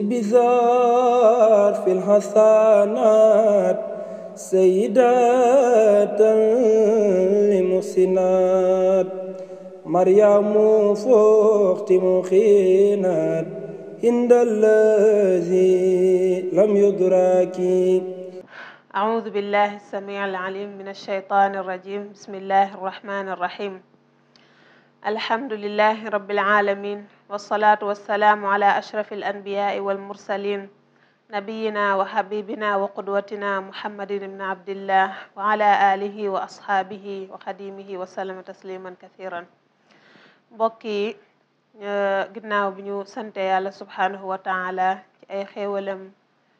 بزار في الحسنات سيدات لمحسنات مريم فوخت مخينات عند الذي لم يدرك أعوذ بالله السميع العليم من الشيطان الرجيم بسم الله الرحمن الرحيم الحمد لله رب العالمين wasalaatu wasalaamu ala ashrafi al anbiyaai wal mursalin nabiyina wa habibina wa qudwatina muhammadin ibn abdillah wa ala alihi wa ashaabihi wa xadimihi wa sallama tasliman kathiran mbokk yi ginnaaw bi ñu sante yàlla subhaanahu wa taala ci ay xéewalam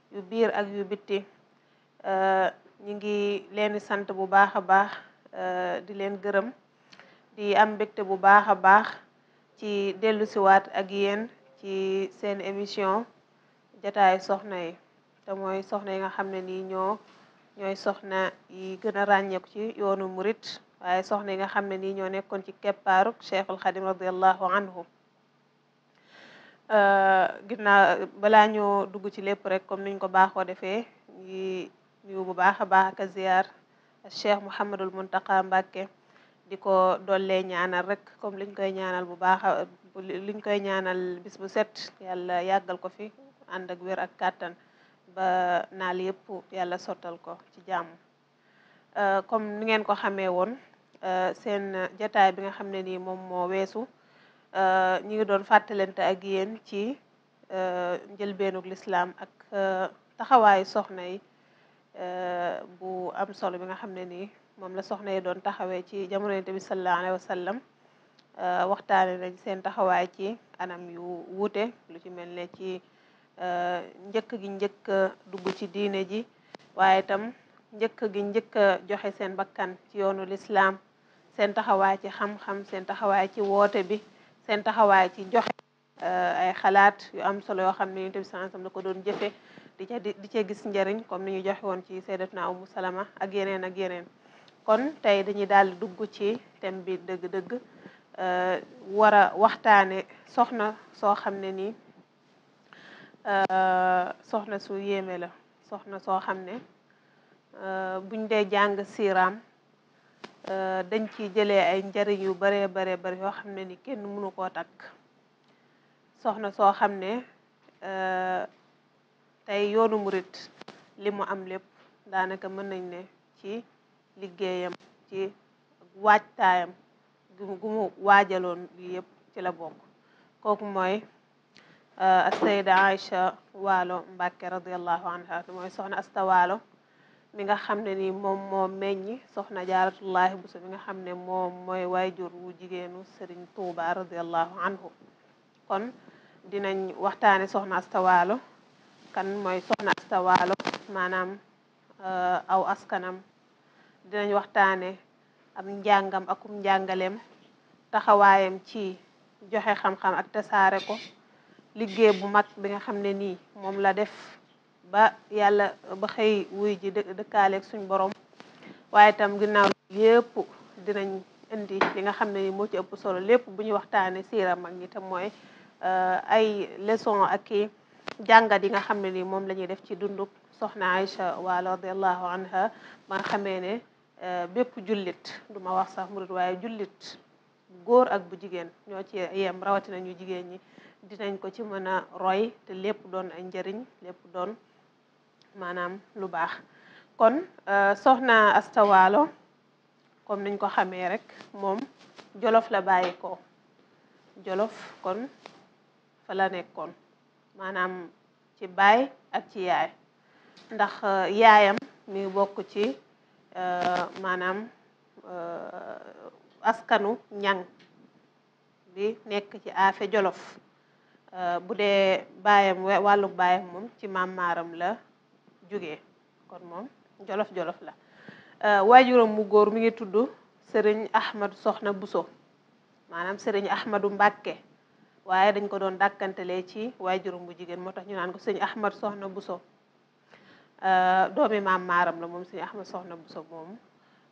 yu biir ak yu bitti ñu ngi leen di sant bu baax a baax di leen gërëm di am mbégte bu baax a baax ci dellu siwaat ak yéen ci seen émission jataayu soxna yi te mooy soxna yi nga xam ne nii ñoo ñooy soxna yi gën a ràññeeku ci yoonu murit waaye soxna yi nga xam ne nii ñoo nekkoon ci keppaaruk cheikhul xadim radiallahu anhu ginnaaw balaa ñoo dugg ci lépp rek comme niñ ko baaxoo defee ñi nuyu bu baax a baax ak a ziyaar cheikh mouhamadul muntaqa mbàkke di ko dollee ñaanal rek comme liñ koy ñaanal bu baax liñ koy ñaanal bis bu set yàlla yàggal ko fi ànd ak wér ak kàttan ba naal yëpp yàlla sottal ko ci jàmm euh, comme ni ngeen ko xamee woon euh, seen jataay bi nga xam ne nii moom moo weesu euh, ñi ngi doon fàttalante ak yéen ci njëlbeenug lislaam ak taxawaayu soxna yi bu am solo bi nga xam ne nii moom la soxna yi doon taxawee ci jamono Yonent bi sallallahu alayhi wa sallam euh, waxtaane nañ seen taxawaay ci anam yu wuute lu ci mel ne ci euh, njëkk gi njëkk dugg ci diine ji waaye itam njëkk gi njëkk joxe seen mbakkan ci yoonu lislaam seen taxawaay ci xam-xam seen taxawaay ci woote bi seen taxawaay ci joxe euh, ay xalaat yu am solo yoo xam ne Yonent bi sallallahu alayhi wa ko doon jëfe di ca di ca gis njariñ comme ni ñu joxe woon ci Sayyidatuna Umu Salama ak yeneen ak yeneen kon tey dañuy daal di dugg ci thème bi dëgg-dëgg euh, war waxtaane soxna soo xam ne nii euh, soxna su yéeme la soxna soo xam ne euh, buñ dee jàng siiraam dañ ci jële ay njëriñ yu bare bare bari yoo xam ne ni kenn mënu koo takk soxna soo xam ne tey yoonu murit li mu am lépp daanaka mën nañ ne ci liggéeyam ci waajtaayam gu waajaloon li yëpp ci la bokk kooku mooy euh, Sayda Aïcha Waalo Mbàkke radiallahu anha mooy soxna Asta Waalo mi nga xam ne nii moom moo meññi soxna jaaratullahi Buso mi nga xam ne moom mooy waajur wu jigéenu Sëriñ Tuuba radiallahu anhu kon dinañ waxtaane soxna Asta Waalo kan mooy soxna Asta Waalo maanaam euh, aw askanam dinañ waxtaane am njàngam akum njàngaleem taxawaayam ci joxe xam-xam ak tasaare ko liggéey bu mag bi nga xam ne nii moom la def ba yàlla ba xëy wuy ji dëkkaaleeg suñ borom waaye itam ginnaaw yépp dinañ indi li nga xam ne nii moo ci solo lépp bu ñu waxtaane siira mag ñi te mooy euh, ay leçon ak i jàngat yi nga xam ne nii moom la def ci dunduk soxna Aïcha Walo radiallahu anha ba xamee ne Euh, bépp jullit du ma wax sax murit waaye jullit góor ak bu jigéen ñoo ci yem rawatina ñu jigéen ñi dinañ ko ci mën a roy te lépp doon ay njëriñ lépp doon maanaam lu baax kon euh, soxna Asta Waalo comme niñ ko xamee rek moom jolof la bàyyi ko jolof kon fa la nekkoon maanaam ci baay ak ci yaay ndax euh, yaayam mi bokk ci Eh, maanaam eh, askanu ñang bi nekk ci Afe Jolof eh, bu dee baayam wàlluk baayam moom ci maam la jóge kon moom jolof jolof la waajuram mu góor mi ngi tudd sëriñ Ahmadu Soxna Buso maanaam sëriñ Ahmadu Mbàkke waaye dañ ko doon dàkkantelee ci waajuram bu jigéen moo tax ñu naan ko sëriñ Ahmadu Soxna Buso Euh, doomi maam maaram la moom suñu Ahmad soxna Bousso moom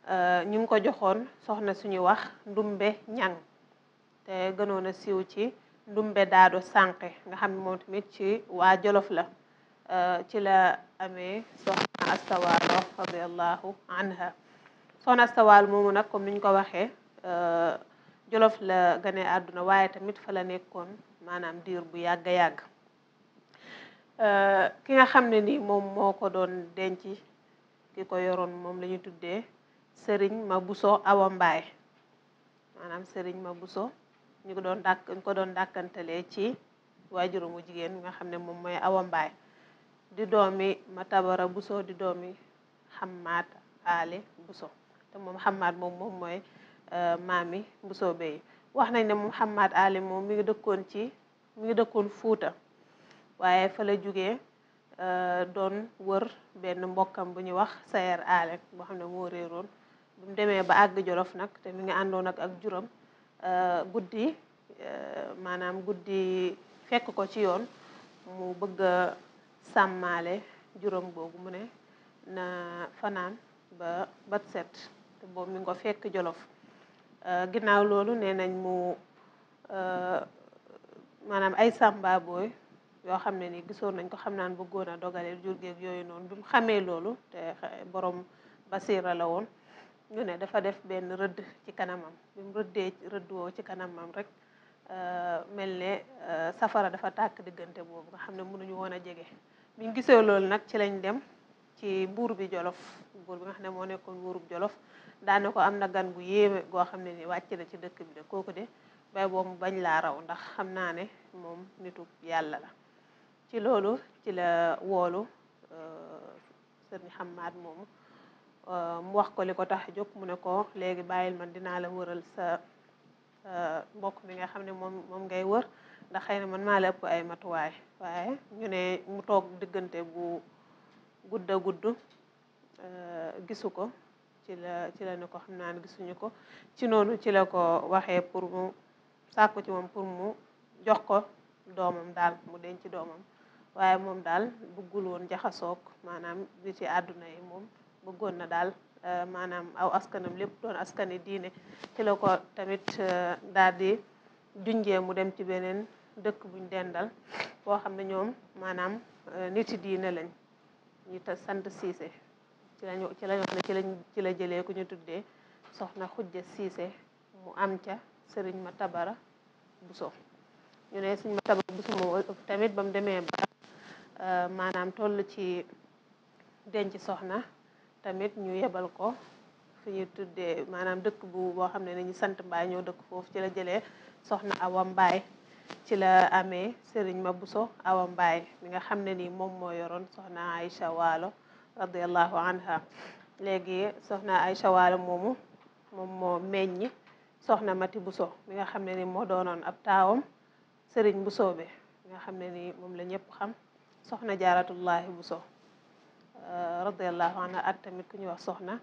euh, ñu ngi ko joxoon soxna suñu wax ndumbe ñang te gënoon a siiw ci ndumbe daado sànqe nga xam ne moom tamit ci waa jolof la euh, ci la ame soxna astawaal wax radiallahu anha soxna astawaal moomu nag comme ni ñu ko waxee jolof la gane àdduna waaye tamit fa la nekkoon maanaam diir bu yàgg a yàgg ki nga xam ne ni moom moo ko doon denc ki ko yoroon moom la tuddee sëriñ ma buso awa mbaay maanaam sëriñ ma buso ñu ko doon dàkk ñu ko doon dàkkantalee ci waajuramu jigéen bi nga xam ne moom mooy awa mbaay di doomi ma tabara buso di doomi xammaat aale buso te moom xammaat moom moom mooy euh, maami buso bay wax nañ ne moom xammaat aale moom mi ngi dëkkoon ci mi ngi dëkkoon fuuta waaye fa la jugee euh, doon wër benn mbokkam bu ñuy wax Sayer Aale boo xam ne moo réeroon bu demee ba àgg Jolof nag te mi ngi àndoon ak ak juróom euh, guddi euh, maanaam guddi fekk ko ci yoon mu bëgg a sàmmaale juróom googu mu ne na fanaan ba bat set te boobu mi ngi ko fekk Jolof ginnaaw loolu nee nañ mu maanaam ay sàmbaabooy yoo xam ne ni gisoon nañ ko xam naan bëggoon a dogalee jur géeg yooyu noonu bi mu xamee loolu te borom basiira la woon ñu ne dafa def benn rëdd ci kanamam bi rëddee rëdd woo ci kanamam rek euh, mel ne euh, safara dafa tàkk diggante boobu nga xam ne mënuñu woon a jege biñ gisee loolu nag ci lañ dem ci buur bi jolof buur bi xam ne moo nekkoon buurub jolof daane ko am na gan gu yéeme goo xam ne ni wàcc na ci dëkk bi kooku de bay bañ laa raw ndax xam naa ne moom nitu yàlla la ci loolu ci la woolu euh, sëriñ Xammaat moomu euh, mu wax ko li ko tax jóg mu ne ko léegi bàyyil man dinaa la wëral sa mbokk mi nga xam ne moom moom ngay wër ndax xëy na man maa la ëpp ay matuwaay waaye ñu ne mu toog diggante gu gudd a euh, gudd gisu ko ci la ci la ne ko xam naa ne gisuñu ko ci noonu ci la ko waxee pour mu sàkku ci moom pour mu jox ko doomam daal mu denc doomam waaye moom daal bëggul woon jaxasook maanaam li ci àdduna yi moom bëggoon na daal euh, maanaam aw askanam lépp doon askani diine ci la ko tamit euh, daal di junjee mu dem ci beneen dëkk buñ dendal boo xam ne ñoom maanaam euh, niti diine lañ ñu ta sant siise ci lañu ci la ci lañ ci la jëlee ku ñu tuddee soxna xujja siise mu am ca sëriñ ma tabara buso ñu ne sëriñ ma tabara buso tamit ba demee Euh, maanaam toll ci denc soxna tamit ñu yebal ko fi ñu tuddee maanaam dëkk bu boo xam ne nañu sant mbaay ñoo dëkk foofu ci la jëlee soxna awa mbaay ci la amee sëriñ ma buso awa mbaay mi nga xam ne nii moom moo yoroon soxna Aïcha Waalo radiallahu anha léegi soxna Aïcha Waalo moomu moom meññi soxna mati buso mi nga xam ne ni moo doonoon ab taawam sëriñ busoo bi mi nga xam ne ni moom la ñëpp xam soxna jaaratullaahi buso eh, radiallahu anha at tamit ku ñuy wax soxna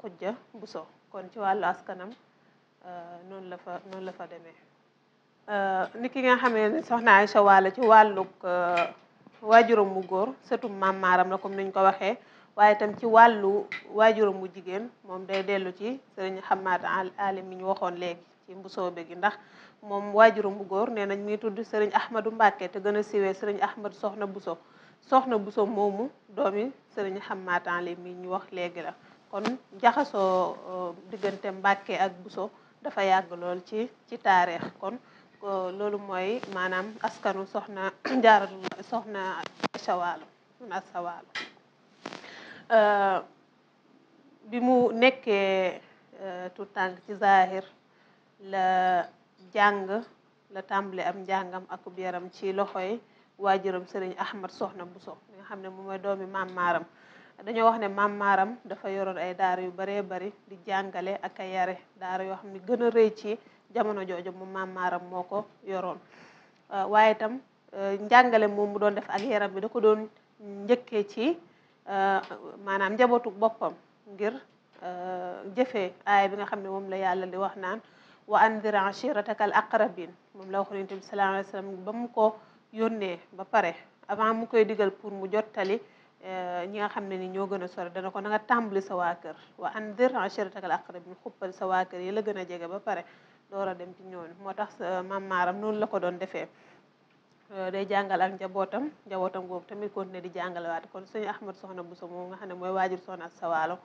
kujja buso kon ci wàllu askanam eh, noonu lafa fa noonu la fa demee eh, ni ki nga xamee ne soxna Aïcha Walo ci wàllug waajuram mu góor setu maam maaram la comme niñ ko waxee waaye itam ci wàllu waajuram mu jigéen moom day dellu ci sëriñ Xamaat Ali mi ñu waxoon léegi ci mbusoo begi ndax moom waajuram bu góor nee nañ mi ngi tudd sëriñ Ahmadou Mbacke te gën a siwee sëriñ Ahmad Soxna Bousso Soxna Bousso moomu doomi sëriñ Xammaatan li mi ñuy wax léegi la kon jaxasoo euh, diggante Mbacke ak Bousso dafa yàgg lool ci ci taarix kon euh, loolu mooy maanaam askanu soxna jaaratu soxna sawaalu na sawaalu euh, bi mu nekkee tout tànk ci zahir jàng la tàmbali am njàngam akub yaram ci loxoy waajuram sëriñ Ahmad Soxna Bousso mi nga xam ne moom mooy doomi maam maaram dañoo wax ne maam maaram dafa yoroon ay daara yu baree bari di jàngale ak ay yare daara yoo xam ne gën a rëy ci jamono jooju mu maam maaram moo ko yoroon uh, waaye itam uh, njàngale moom mu doon def ak yaram bi da ko doon njëkkee ci uh, maanaam njabootu boppam ngir jëfee aaya bi nga xam ne moom la yàlla di wax wa andir ashirataka al aqrabin moom la waxoon yonent bi sallallahu wa sallam ba mu ko yónnee ba pare avant mu koy digal pour mu jottali eh, ñi nga xam ne ni ñoo gën a sori dana ko na nga tàmbali sa waa kër wa andir ashirataka al aqrabin xuppal sa waa kër yi la gën a jege ba pare door dem ci ñooñu moo tax eh, maam maaram noonu la ko doon defee eh, day jàngal ak njabootam njabootam googu tamit continuer di jàngalewaat kon suñu Ahmad Soxna Bousso moom nga xam ne mooy waajur soxna ak sawaalo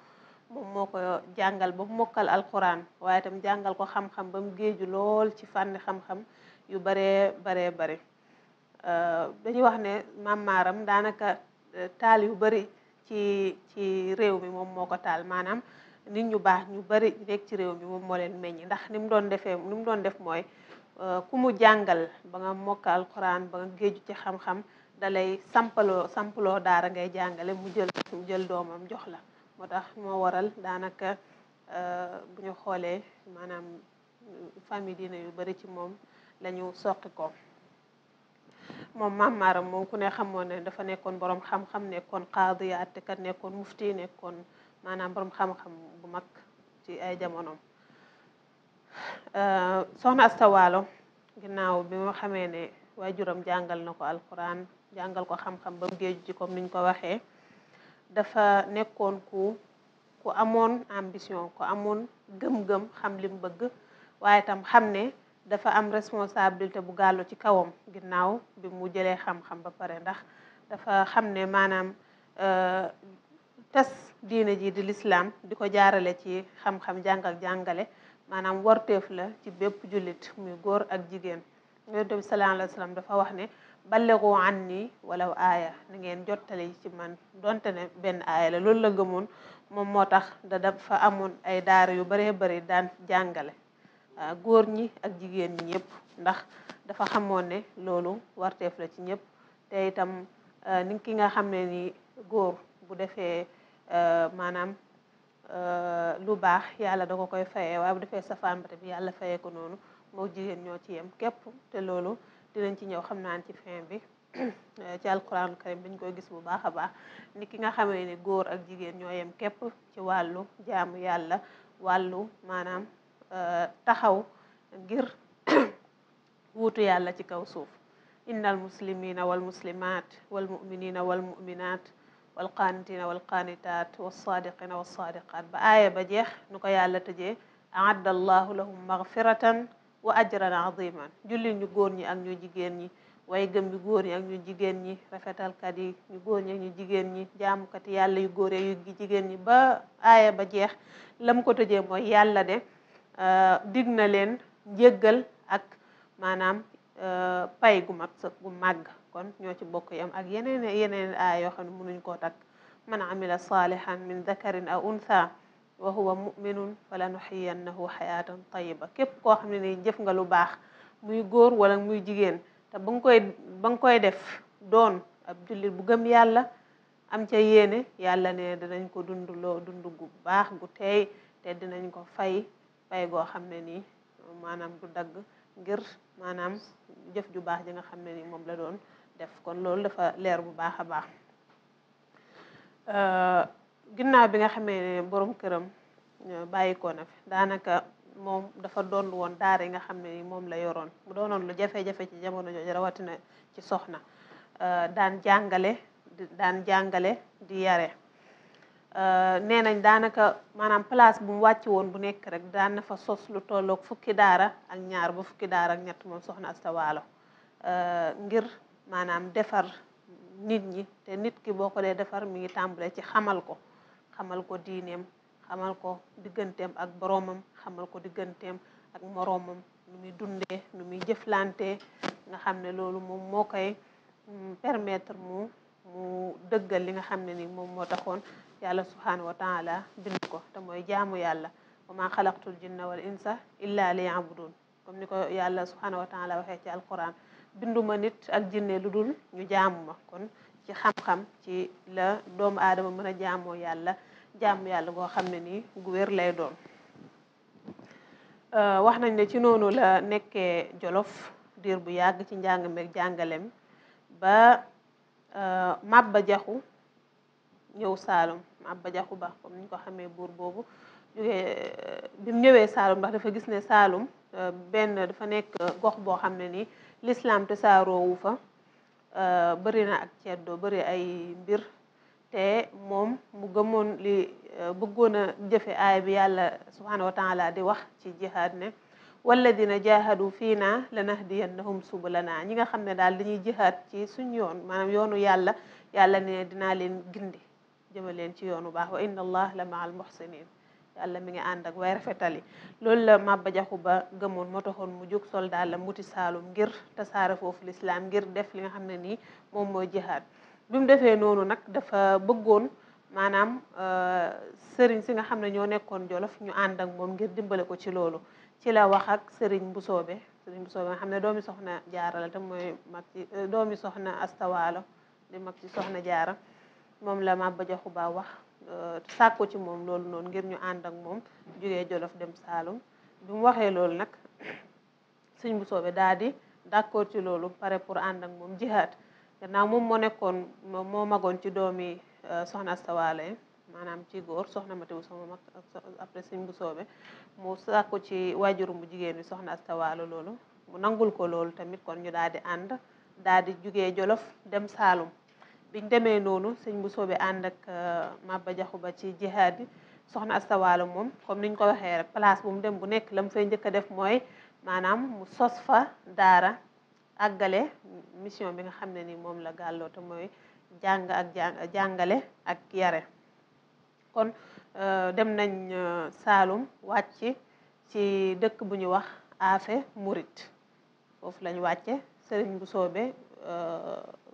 moom moo ko jàngal ba mu mokkal alquran waaye tam jàngal ko xam-xam ba mu géeju lool ci fànni xam-xam yu baree baree bare euh, dañuy wax ne maam daanaka euh, taal yu bari ci ci réew mi moom moo ko taal maanaam nit ñu baax ñu bari nekk ci réew mi moom moo leen meññ ndax ni mu doon defee ni mu doon def mooy euh, ku mu jàngal ba nga mokkal alquran ba nga géeju ci xam-xam dalay sampaloo sampaloo daara ngay jàngale mu jël mu jël doomam jox la moo tax moo waral daanaka euh, bu ñu xoolee maanaam euh, famille diine yu bari ci moom la ñu ko moom maam maaram moom ku ne xamoon ne dafa nekkoon borom xam-xam nekkoon qaadi àttekat nekkoon mufti nekkoon maanaam borom xam-xam bu mag ci ay jamonoom euh, soxna Asta Waalo ginnaaw bi mu xamee ne waajuram jàngal na ko alquran jàngal ko xam-xam ba mu géeju ci comme niñ ko waxee dafa nekkoon ku ku amoon ambition ku amoon gëm-gëm xam li bëgg waaye tam xam ne dafa am responsabilité bu gàllu ci kawam ginnaaw bi mu jëlee xam-xam ba pare ndax dafa xam ne maanaam euh, tes diine ji di lislaam di ko jaarale ci xam-xam jàng jàngale maanaam warteef la ci bépp julit muy góor ak jigéen yonent bi sallallahu dafa wax ne balligu anni walaw aaya na ngeen jottali ci man donte ne benn aaya la loolu la gëmoon moom moo tax da fa amoon ay daar yu baree bëri daan jàngale ah, góor ñi ak jigéen ñi ñëpp ndax dafa xamoon ne loolu warteef la ci ñëpp te itam ah, ni ki nga xam ne ni góor bu defee ah, maanaam lu baax yàlla da koy fayee waaye bu defee safaan ba tamit yàlla fayee ko noonu moo jigéen ñoo ci yem képp te loolu dinañ ci ñëw xam naa ci fin bi ci alquran karim dañ koy gis bu baax a baax ni ki nga xamee ne góor ak jigéen ñoo yem képp ci wàllu jaamu yàlla wàllu maanaam euh, taxaw ngir wuutu yàlla ci kaw suuf innal muslimina wal muslimat wal muminina wal muminat wal qaanitina wal qaanitaat was saadiqina was saadiqaat ba aaya ba jeex nu ko yàlla tëjee aadda allahu lahum maghfiratan wa ajran aziman jullit ñu góor ñi ak ñu jigéen ñi way gëm ñu góor ñi ak ñu jigéen ñi rafetalkat yi ñu góor ñi ak ñu jigéen ñi jaamukati yàlla yu góor yu jigéen ñi ba aaya ba jeex lam ko tëjee mooy yàlla de euh, dig na leen njéggal ak maanaam euh, pay gu mag sa gu màgg kon ñoo ci bokk yam ak yeneen yeneen aaya yoo xam ne mënuñ koo takk man amila salihan min dakarin aw untha waxu wa mu huwa muminun fala nuxiyannahu xayaatan tayiba képp koo xam ne ni jëf nga lu baax muy góor wala muy jigéen te ba koy ba koy def doon ab jullit bu gëm yàlla am ca yéene yàlla ne danañ ko dund loo dund gu baax gu teey te dinañ ko fay fay goo xam ne nii maanaam du dagg ngir maanaam jëf ju baax ji nga xam ne ni moom la doon def kon loolu dafa leer bu baax a baax euh, ginnaaw bi nga xamee ne borom këram bàyyi na fi daanaka moom dafa doon woon daara yi nga xam ne moom la yoroon mu doonoon lu jafe-jafe ci jamono jooju rawatina ci soxna euh, daan jàngale daan jàngale di yare euh, nee nañ daanaka maanaam place bu mu wàcc woon bu nekk rek daan na fa sos lu tolloog fukki daara ak ñaar ba fukki daara ak ñett moom soxna Asta Waalo euh, ngir maanaam defar nit ñi te nit ki boo ko dee defar mi ngi tàmbale ci xamal ko xamal ko diineem xamal ko digganteem ak boroomam xamal ko digganteem ak moroomam nu muy dundee nu muy jëflante nga xam ne loolu moom moo koy mm, permettre mu mu dëggal li nga xam ne ni moom moo taxoon yàlla subhanahu wa taala bind ko te mooy jaamu yàlla wa ma xalaqtul jinna wal insa illa li yabudun comme ni ko yàlla subhanahu wa taala waxee ci alquran binduma nit ak jinne lu dul ñu jaamu ma kon ci xam-xam ci la doomu aadama mën a jaamoo yàlla jaamu yàlla goo xam ne nii gu lay doon euh, wax nañ ne ci noonu la nekkee jolof diir bu yàgg ci njàng meeg jàngalem ba euh, Maba Jaxu ñëw Saalum Maba Jaxu Ba comme ko xamee buur boobu euh, bi mu ñëwee Saalum ndax dafa gis ne Saalum benn dafa nekk gox boo xam ne nii lislaam te saaroowu fa Euh, bëri na ak doo bëri ay mbir te moom mu gëmoon li euh, bëggoon a jëfe aay bi yàlla subhanahu wa taala di wax ci jihaad ne dina jahadu fii na la naa ñi nga xam ne daal dañuy jihaad ci suñ yoon maanaam yoonu yàlla yàlla ne dinaa leen gindi jëma leen ci yoonu baax wa inna allah la maal muhsinin yàlla mi ngi ànd ak way rafetali loolu la Maba Jaxu Ba gëmoon moo taxoon mu jóg soldat la mbuti saalum ngir tasaare foofu lislaam ngir def li nga xam ne nii moom mooy jihaad bi mu defee noonu nag dafa bëggoon maanaam euh, sëriñ si nga xam ne ñoo nekkoon jolof ñu ànd ak moom ngir dimbale ko ci loolu ci la wax ak sëriñ bu soobe sëriñ bu soobe nga xam ne doomi soxna jaara la te mooy mag ci euh, doomi soxna astawaalo di mag ci soxna jaara moom la Maba Diakhou Ba wax euh, sako ci moom loolu noonu ngir ñu ànd ak moom jógee Jolof dem Saalum bi mu waxee loolu nag sëñ bu soobee daal di d'accord ci loolu pare pour ànd ak moom jixaat gannaaw moom moo nekkoon moo magoon ci doomi euh, soxna astawaale maanaam ci góor soxna Mati Bousso moom après sëñ bu soobee mu sàkku ci waajurum bu jigéen bi soxna astawaale loolu mu nangul ko loolu tamit kon ñu daal di ànd daal di jógee Jolof dem Saalum biñ demee noonu sëñ bu soobee ànd ak euh, Maba Jaxu Ba ci jihaad bi soxna Asta Waalo moom comme niñ ko waxee rek place bu dem bu nekk la mu fay njëkk a def mooy maanaam mu sos fa daara àggale mission bi nga xam ne ni moom la gàlloo mooy jàng ak jàngale ak yare kon euh, dem nañ euh, Saalum wàcc ci dëkk bu ñu wax Afe Murit foofu lañ wàcce sëriñ bu soobe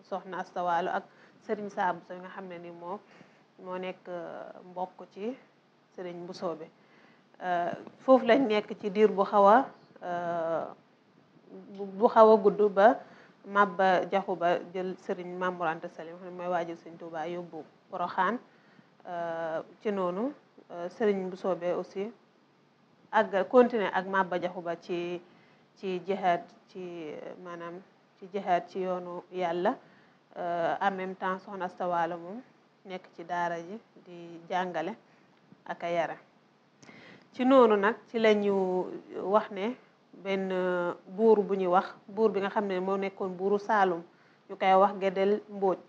soxna Asta Waalo ak sëriñ Saa Buso nga xam ne ni moo moo nekk euh, mbokk ci sëriñ Buso bi euh, foofu lañ nekk ci diir bu xaw a euh, bu xaw a gudd ba Maba Jaxu Ba jël sëriñ Mamour Anta Sali xam mooy waajal sëriñ Tuubaa yóbbu Poroxaan ci noonu sëriñ Buso bi aussi ak continuer ak Maba Jaxu Ba ci ci jihaad ci maanaam ci jihaad ci yoonu yàlla Euh, en même temps soxna Asta moom nekk ci daara ji di jàngale ak yara ci noonu nag ci la ñu wax ne benn buur bu ñuy wax buur bi nga xam ne moo nekkoon buuru Saalum ñu koy wax Gédel Mbóoj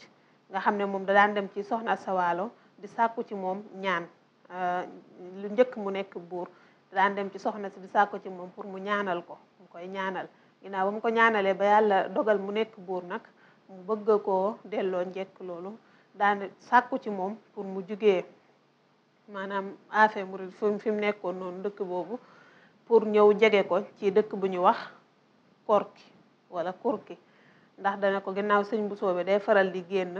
nga xam ne moom da daan dem ci soxna Asta Walo di sàkku ci moom ñaan euh, lu njëkk mu nekk buur daan dem ci soxna si di sàkku ci moom pour mu ñaanal ko mu koy ñaanal ginnaaw ba mu ko ñaanalee ba yàlla dogal mu nekk buur nag mu bëgg koo delloo njekk loolu daane sàkku ci moom pour mu jugee maanaam affaire murid fi mu nekkoon noonu dëkk boobu pour ñëw jege ko ci dëkk bu ñu wax korki wala kurki ndax dana ko ginnaaw sëñ bu soobee day faral di génn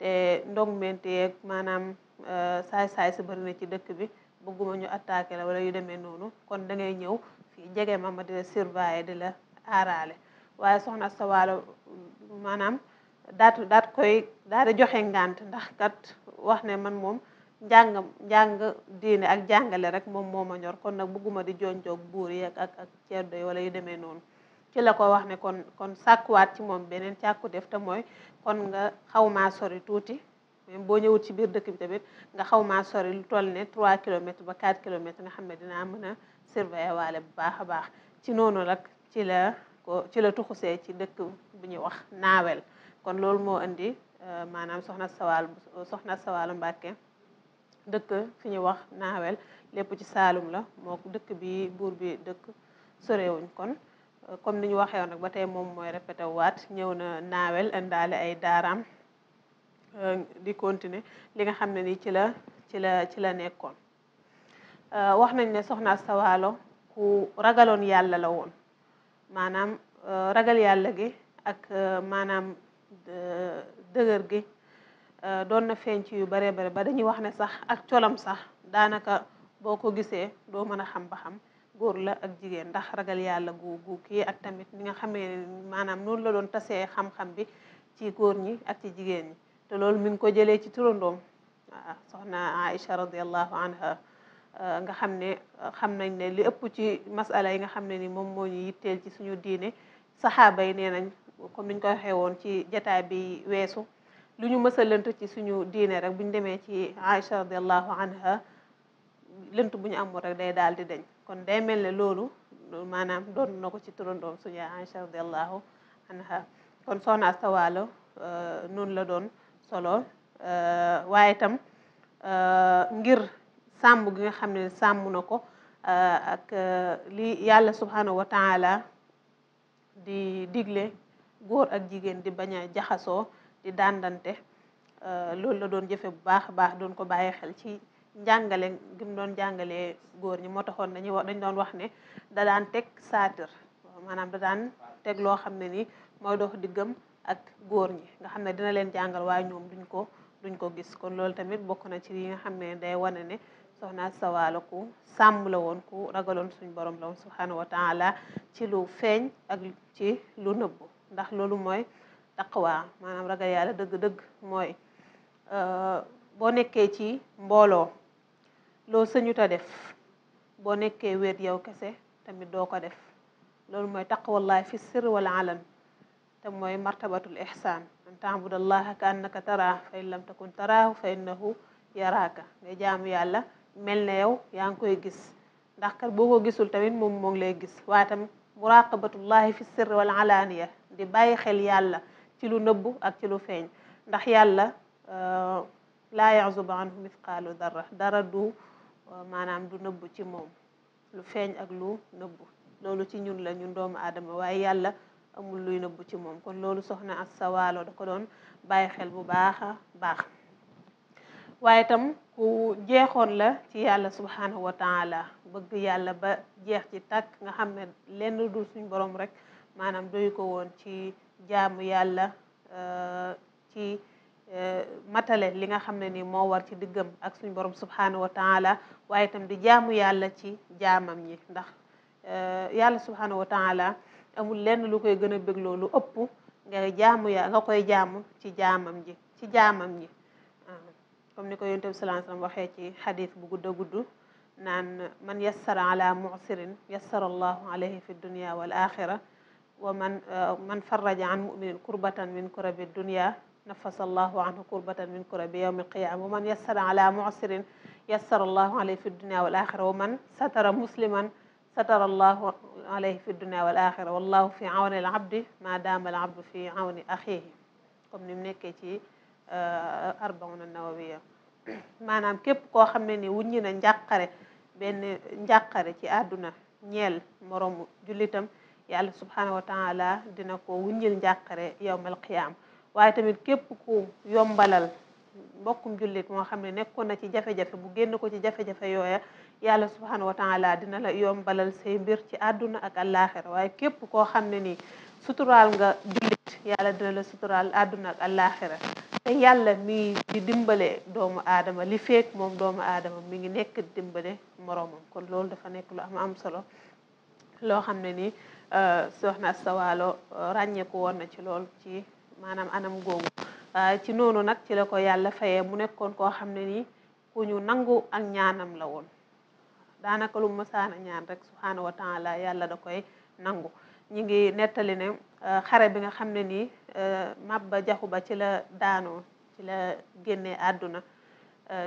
te ndog mente yeeg maanaam euh, saay-saay si bari ci dëkk bi bugguma ñu attaqué la wala yu demee noonu kon da ngay ñëw fii jege ma ma di la surveiller di la aaraale waaye soxna Sawaalo maanaam daatu daat koy daal di joxe ngànt ndax kat wax ne man moom njàng njàng diine ak jàngale rek moom moo ma ñor kon nag bëgguma di jooñ buur yi ak ak ak ceddo yi wala yu demee noonu ci la ko wax ne kon kon sàkkuwaat ci moom beneen càku def mooy kon nga xaw maa sori tuuti même boo ñëwut ci biir dëkk bi tamit nga xaw maa sori lu toll ne 3 kilomètres ba 4 kilomètres nga xam ne dinaa mën a surveiller waale bu baax a baax ci noonu rek ci la ko ci la tuxusee ci dëkk bu ñuy wax naawel kon loolu moo indi euh, maanaam soxna sawalo soxna sawaalu Mbàkke dëkk fi ñu wax naawel lépp ci saalum la moo dëkk bi buur bi dëkk sorewuñ kon comme ni ñu waxee woon ba tey moom mooy répété waat ñëw na naawel indaale ay daaraam euh, di continuer li nga xam ne ni ci la ci la ci la nekkoon euh, wax nañ ne soxna sawaalo ku ragaloon yàlla la woon maanaam ragal yàlla gi ak maanaam dëgër gi euh, doon na feeñ ci yu baree bare ba dañuy wax ne sax ak colam sax daanaka boo ko gisee doo mën a xam ba xam góor la ak jigéen ndax ragal yàlla gu gu kii ak tamit ni nga xamee maanaam noonu la doon tasee xam-xam bi ci góor ñi ak ci jigéen ñi te loolu mi ngi ko jëlee ci turandoom waaw soxna Aïcha radiallahu anha euh, nga xam ne euh, xam nañ ne li ëpp ci masala yi nga xam ne ni moom moo ñu yitteel ci suñu diine saxaaba yi nee nañ comme niñ koy waxee woon ci jataay bi weesu lu ñu mës a ci suñu diine rek bu ñu demee ci Aïcha radiallahu anha lënt bu ñu amul rek day daal di dañ kon day ne loolu maanaam doon na ko ci turandoom suñu Aïcha radiallahu anha kon soxna Asta Walo euh, noonu la doon solo euh, waaye itam euh, ngir sàmm gi nga xam ne sàmm na ko ak li yàlla subhanahu wa taala di digle góor ak jigéen di bañ a jaxasoo di dàndante euh, loolu la doon jëfe bu baax a baax doon ko bàyyi xel ci njàngale gi doon jàngalee góor ñi moo taxoon dañuy wax doon wax ne da teg saatir maanaam da daan teg loo xam ne ni mooy dox diggam ak góor ñi nga xam ne dina leen jàngal waaye ñoom duñ ko duñ ko gis kon loolu tamit bokk na ci yi nga xam ne day wane ne soxna Asta Walo sàmm la woon ku ragaloon suñ borom la woon subhanahu wa taala ci lu feeñ ak ci lu nëbbu ndax loolu mooy taqwa maanaam ragal yàlla dëgg-dëgg mooy euh, boo nekkee ci mbooloo loo sañut def boo nekkee wéet yow kese tamit doo ko def loolu mooy taqwallahi fi sirr wal alan te mooy martabatul ihsan an taabudallaha ka annaka taraahu fa fa innahu yaraaka nga jaamu yàlla mel na yaa ngi koy gis ndax kat boo ko gisul tamit moom moo ngi lay gis waaye tamit muraqabatullahi fi sirr wal alaniya di bàyyi xel yàlla ci lu nëbbu ak ci lu feeñ ndax yàlla euh, laa yaxzubu anhu mithqaalu dara du euh, maanaam du nëbbu ci moom lu feeñ ak lu nëbbu loolu ci ñun la ñun doomu aadama waaye yàlla amul luy nëbbu ci moom kon loolu soxna Asta Waalo da ko doon bàyyi xel bu baaxa a baax waaye tam ku jeexoon la ci yàlla subhanahu wa taala bëgg yàlla ba jeex ci takk nga xam ne lenn du suñ borom rek maanaam doy ko woon ci jaamu yàlla euh, ci euh, matale li nga xam ne ni moo war ci diggam ak suñu borom subhanahu wa taala waaye itam di jaamu yàlla ci jaamam ñi ndax euh, yàlla subhanahu wa taala amul lenn lu koy gën a bégloo lu ëpp nga jaamu ya nga koy jaamu ci jaamam ji ci jaamam ñi comme ni ko yonent bi sallallahu waxee ci xadis bu gudd a gudd naan man yassara ala mu'sirin yassara allahu alayhi fi dunya wal axira wa man uh, man farraja an muminin kurbatan min kurabi dunia nafasa allahu anhu kurbatan min kurabi yawmi alqiyama wa man yassara ala mucsirin yassara allahu alayhi fi dunia wal axira wa man satara musliman satara allahu alayhi fi dunia wal axira wallahu fi awni al abdi ma dama al abdu fi awni axihi comme ni mu nekkee ci uh, arbauna nawawiya maanaam képp koo xam ne ni wuññi na njàqare benn njàqare ci àdduna ñeel moroomu jullitam yàlla subhanahu wa taala dina ko wuññil njàqare yowmal qiyaam waaye tamit képp ku yombalal mbokkum jullit moo xam ne nekkoon na ci jafe-jafe bu génn ko ci jafe-jafe yooya yàlla subhanahu wa taala dina la yombalal say mbir ci àdduna ak àllaaxira waaye képp koo xam ne nii sutural nga jullit yàlla dina la suturaal àdduna ak àllaaxira te yàlla mi di dimbale doomu aadama li feek moom doomu aadama mi ngi nekk dimbale moroomam kon loolu dafa nekk loo am am solo loo xam ne nii Euh, soxna Asta Walo euh, ràññeeku woon na ci lool ci maanaam anam googu euh, ci noonu nag ci la ko yàlla fayee mu nekkoon koo xam ne nii ku ñu nangu ak ñaanam la woon daanaka lu mësaana ñaan rek subhaanahu wa yàlla da koy nangu ñi ngi nettali ne xare bi nga xam ne nii Maba Jaxu Ba ci la daanoo ci la génne àdduna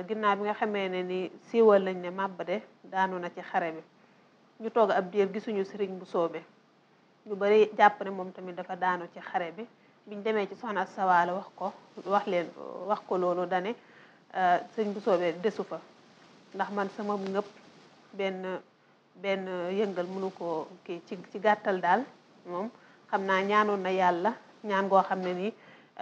ginnaaw bi nga xamee ne ni siiwal nañ ne Maba de daanu na ci xare bi ñu toog ab diir gisuñu sëriñ bu soobee ñu bari jàpp ne moom tamit dafa daanu ci xare bi biñ demee ci soxna sawaale wax ko wax leen wax ko loolu dane euh, sëñ bu soobee desu fa ndax man sama nëb benn benn yëngal mënu ko kii ci ci gàttal daal moom xam naa ñaanoon na yàlla ñaan goo xam ne nii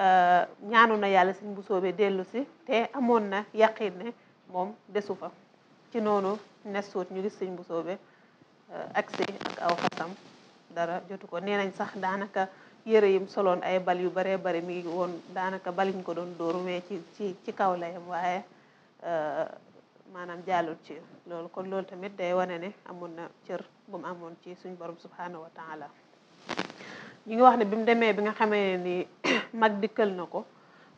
euh, ñaanoon na yàlla sëñ bu soobee dellu si te amoon na yaqin ne moom desu fa ci noonu nesuut ñu gis sëñ bu soobee euh, agsi ak aw fasam dara jotu ko nee sax daanaka yére yim soloon ay bal yu baree bari mi woon daanaka baliñ ko doon dóoru mais ci ci ci kaw la yem waaye euh, maanaam jàllul ci loolu kon loolu tamit day wane ne amoon na cër bu amoon ci suñ borom subhanahu wa taala ñu ngi wax ne bi mu demee bi nga xamee ni mag dikkal na ko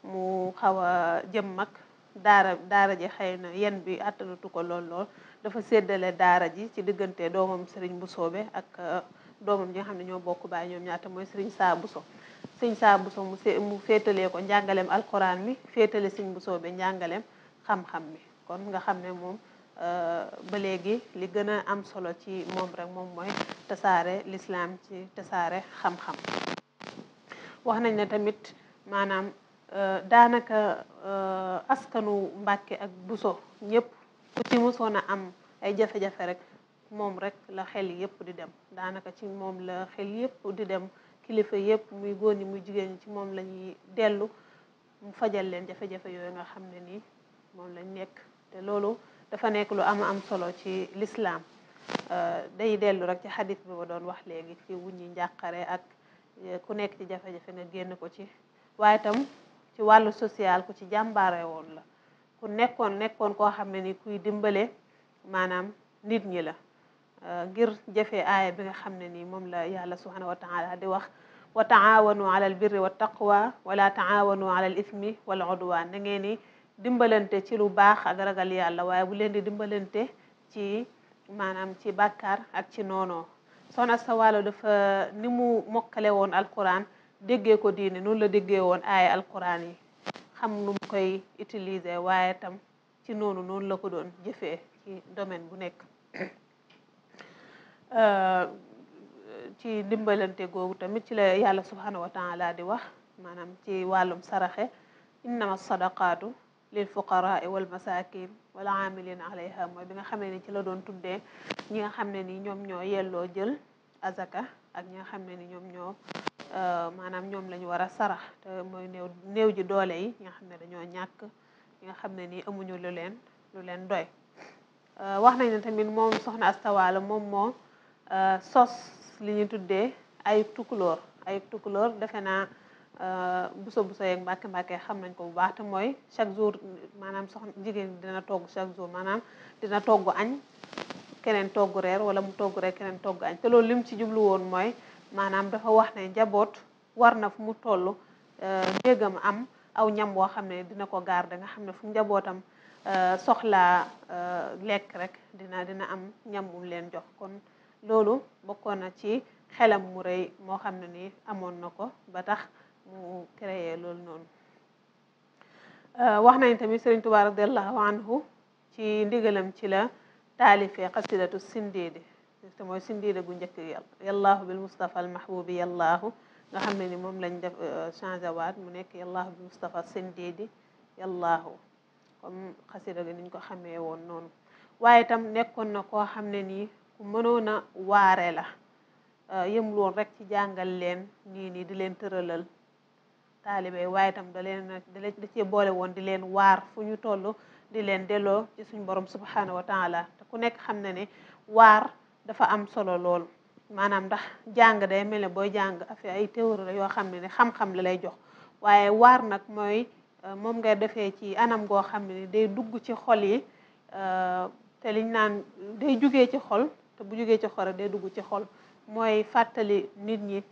mu xaw a jëm mag daara daara ji xëy na yen bi àttanatu ko lool lool dafa séddale daara ji ci diggante doomam sëriñ bu soobee ak euh, doomam ñi nga xam ne ñoo bokk baay ñoom ñaata mooy sëriñ saa so sëriñ saa so mu mu féetalee ko njàngaleem alxuraan mi féetale bu buso bi njàngaleem xam-xam mi kon nga xam ne moom euh, ba léegi li gën a am solo ci moom rek moom mooy tasaare lislaam ci tasaare xam-xam wax nañ ne tamit maanaam euh, daanaka euh, askanu Mbàkke ak buso ñëpp ku ci mosoon a am ay jafe-jafe rek moom rek la xel yépp di dem daanaka ci moom la xel yépp di dem kilifa yépp muy góor ñi muy jigéen ci moom lañuy dellu mu fajal leen jafe-jafe yooyu nga xam ne nii moom lañ nekk te loolu dafa nekk lu am am solo ci lislaam euh, day dellu rek ci xadit bi ma doon wax léegi ci wuññi njàqare ak euh, ku nekk ci jafe-jafe nga génn ko ci waaye tam ci wàllu social ku ci jàmbaare woon la ku nekkoon nekkoon koo xam ne ni kuy dimbale maanaam nit ñi la Euh, ngir jëfee aaya bi nga xam ne nii moom la yàlla subhanahu wa taala di wax wa taawanu ala al birri wa taqwa wala taawanu ala al ismi wal udwan da ngeen ni dimbalante ci lu baax ak ragal yàlla waaye bu leen di dimbalante ci maanaam ci bàkkaar ak ci noono soxna Asta Walo dafa ni mu mokkale woon alquran déggee ko diine noonu la diggee woon aaya alquran yi xam nu koy utiliser waaye tam ci noonu noonu la ko doon jëfee ci domaine bu nekk Euh, ci ndimbalante googu tamit ci la yàlla subhanahu wa taala di wax maanaam ci wàllum saraxe innama sadaqaatu lil fuqaraa wal masakin wal amilin alayha mooy bi nga xamee ni ci la doon tuddee ñi nga xam ne ni ñoom ñoo yelloo jël azaka ak ñi nga xam ne ni ñoom ñoo euh, maanaam ñoom la ñu war a sarax te mooy néew néew ji doole yi ñi nga xam ne dañoo ñàkk ñi nga xam ne ni amuñu lu leen lu leen doy euh, wax nañ ne tamit moom soxna Asta Walo moom moo Euh, sos li ñu tuddee ay tukulóor ay tukulóor defe naa euh, buso buso yeeg mbàkke mbàkke xam nañ ko bu baax mooy chaque jour maanaam soxna jigéen dina togg chaque jour maanaam dina togg añ keneen togg reer wala mu togg reer keneen togg añ te loolu lim ci jublu woon mooy maanaam dafa wax ne njaboot war na fu mu toll euh, néegam am aw ñam woo xam ne dina ko garder nga xam ne fu njabootam soxlaa lekk rek dina dina am ñam bu mu leen jox kon loolu bokkoon na ci xelam mu rëy moo xam ne ni amoon na ko ba tax mu créé loolu noonu euh, wax nañ tamit Sëriñ Tuubaa radiallahu anhu ci ndigalam ci la taalifee xasidatu sindiidi te mooy sindiidi gu njëkk yàllaahu bil mustafa al mahbubi yàllaahu nga xam ne ni moom lañ def euh, changé waat mu nekk yàllaahu bil mustafa sindiidi yàllaahu comme xasida gi niñ ko xamee woon noonu waaye tam nekkoon na xam ne nii ku mënoon a waare la euh, yëmul woon rek ci jàngal leen nii nii di leen tëralal taalibe waaye itam da leen da cee boole woon di leen waar fu ñu toll di leen delloo ci suñ borom subhanahu wa taala te ku nekk xam na ne waar dafa am solo lool maanaam ndax jàng day mel ne booy jàng affaire ay théorie yoo xam ne ne xam-xam la lay jox waaye waar nag mooy euh, moom nga defee ci anam goo xam ne day dugg ci xol yi euh, te liñ naan day jugee ci xool te bu jógee ci xol day dugg ci xol mooy fàttali nit ñi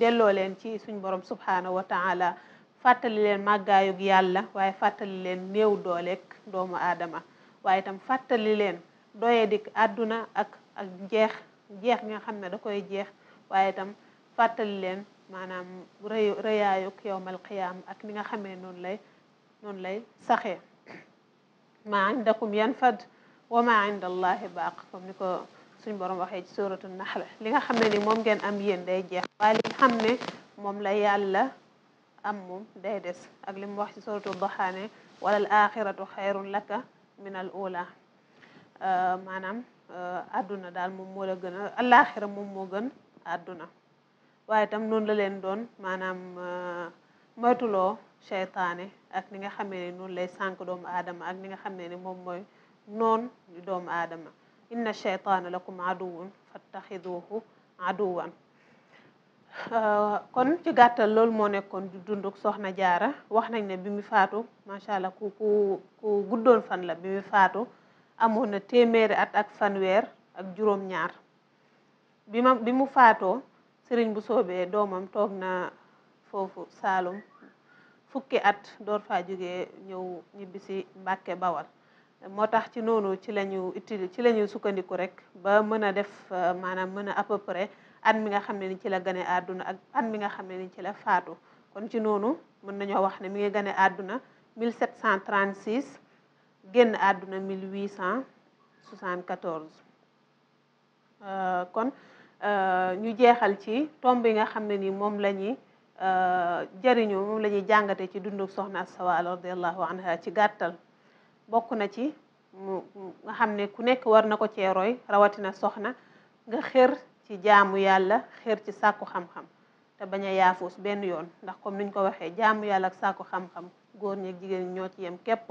delloo leen ci suñ borom subhaanahu wa taala fàttali leen màggaayug yàlla waaye fàttali leen néew dooleek doomu aadama waaye itam fàttali leen doye dik àdduna ak ak jeex jeex nga xam ne da koy jeex waaye itam fàttali leen maanaam rëy rëyaayug yowmal qiyaam ak ni nga xamee noonu lay noonu lay saxee maa indakum wa ma inda allahi baaq comme ni ko suñ borom waxee ci suratu naxl li nga xam ne ni moom ngeen am yéen day jeex waaye li nga xam ne moom lay yàlla am moom day des ak li mu wax ci suratu doxaane wala al axiratu xayrun laka min al ula euh, maanaam àdduna euh, daal moom moo la gën a alaaxira moom moo gën àdduna waaye tam noonu la leen doon maanaam euh, moytuloo seytaane ak ni nga xamee ni noonu lay sànk doomu aadama ak ni nga xam ne ni moom mooy noon di doomu aadama inna cheytaana lakum aduwun fattaxiduhu aduwan kon ci gàttal loolu moo nekkoon di dunduk soxna jaara wax nañ ne bi mu faatu macha allah ku ku ku guddoon fan la bi mu faatu amoon na téeméeri at ak fanweer ak juróom-ñaar bi mu faatoo sëriñ bu soobee doomam toog na foofu salum fukki at door faa jógee ñëw ñibbisi Mbàkke Bawal moo tax ci noonu ci la ñu utili ci la ñu sukkandiku rek ba mën a def euh, maanaam mën a à près at mi nga xam ne ni ci la gane àdduna ak at mi nga xam ne ni ci la faatu kon ci noonu mën nañoo wax ne mi ngi gane àdduna mille 1736 génn àdduna mille 1874 euh, kon euh, ñu jeexal ci tomb yi nga xam ne ni moom la ñuy jëriñoo moom la ñuy jàngate ci dundu soxna Awa Sow radiyallahu anha ci gàttal bokk na ci nga xam ne ku nekk war na ko cee roy rawatina soxna nga xër ci jaamu yàlla xeer ci sàkku xam-xam te bañ a yaafuus benn yoon ndax comme niñ ko waxee jaamu yàlla ak sàkku xam-xam góor ñi jigéen ñoo ci yem képp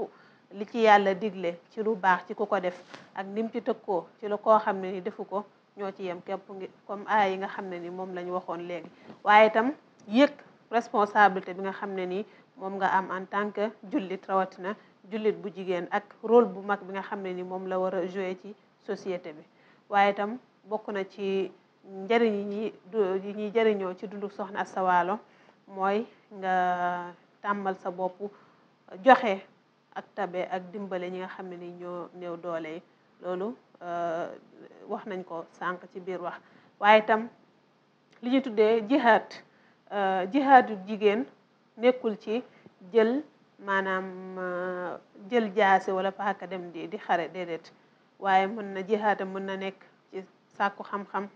li ci yàlla digle ci lu baax ci ku ko def ak nim ci tëkkoo ci la koo xam ne ni defu ko ñoo ci yem képp ngi comme aay yi nga xam ne ni moom lañ waxoon léegi waaye itam yëg responsabilité bi nga xam ne ni moom nga am en tant que jullit rawatina julit bu jigéen ak rôle bu mag bi nga xam ne ni moom la war a jouer ci société bi waaye itam bokk na ci njariñ yi ñuy ñuy jëriñoo ci dundu soxna Asta Walo mooy nga tàmmal sa boppu joxe ak tabe ak dimbale ñi nga xam ne ni ñoo néew doole yi loolu euh, wax nañ ko sànq ci biir wax waaye itam li ñu tuddee jihaad euh, jihaadu jigéen nekkul ci jël maanaam jël jaasi wala paaka dem di di xare déedéet waaye mën na jihaatam mën na nekk ci sàkku xam-xam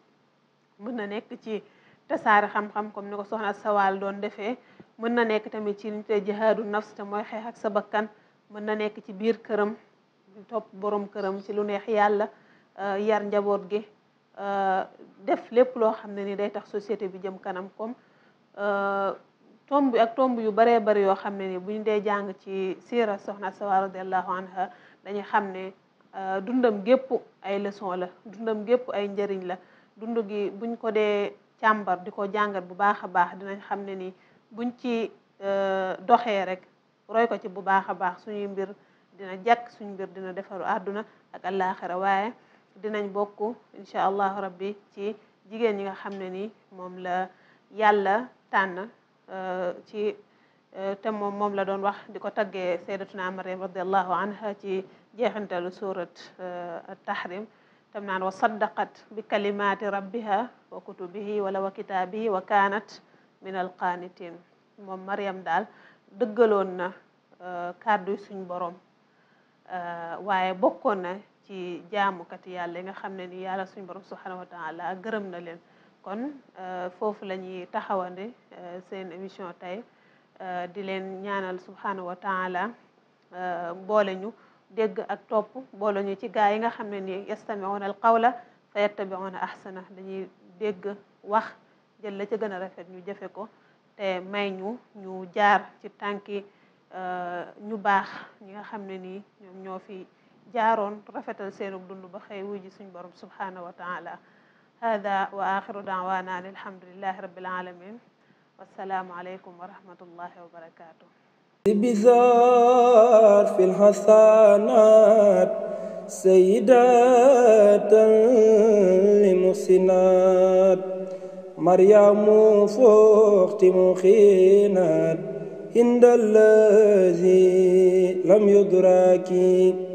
mën na nekk ci tasaare xam-xam comme ni ko soxna sawaal doon defee mën na nekk tamit ci li ñu tuddee jihaadu nafs te mooy xeex ak sa bakkan mën na nekk ci biir këram topp boroom këram ci lu neex yàlla euh, yar njaboot gi euh, def lépp loo xam ne ni day tax société bi jëm kanam comme euh, tomb ak tomb yu baree bari yoo xam ne ni bu dee jàng ci siira soxna Awa radiyallahu anha dañuy xam ne euh, dundam gépp ay leçon la dundam gépp ay njëriñ la dund gi buñ ko dee càmbar di ko jàngat bu baax a baax dinañ xam ne ni buñ ci euh, doxee rek roy ko ci bu baax a baax suñuy mbir dina jàkk suñ mbir dina defaru àdduna ak àllaaxira waaye dinañ bokk incha allahu rabbi ci jigéen ñi nga xam ne ni moom la yàlla tànn Euh, ci euh, te moom moom la doon wax di ko taggee sayyidatuna Maryam radiallahu anha ci jeexantalu surat euh, tahrim tam naan wa saddaqat bi kalimaati rabbiha wa kutubihi wala wa kitaabihi wa kaanat min alqaanitin moom mariam daal dëggaloon na kàddu suñ borom waaye bokkoon na ci jaamukati yàlla yi nga xam ne ni yàlla suñ borom subhanahu wa taala gërëm na leen kon euh, foofu la ñuy taxawandi euh, seen émission tey euh, di leen ñaanal subhanahu wa taala boole ñu dégg ak topp boole ñu ci gaa yi nga xam ne ni yastamiuna al qawla fa yattabiuna ahsana dañuy dégg wax jël la ca gën a rafet ñu jafe ko te may ñu ñu jaar ci tànki ñu baax ñi nga xam ne nii ñoom ñoo fi jaaroon rafetal seenu dund ba xëy wuy ji suñ borom subhanahu wa hada wa axiru daawana an alhamdulilahi rabbil alamin wassalaamu aleykum wa rahmatullahi wa barakatuh بزار في الحسنات سيدات لمحسنات مريم فوقت مخينات عند الذي لم يدرك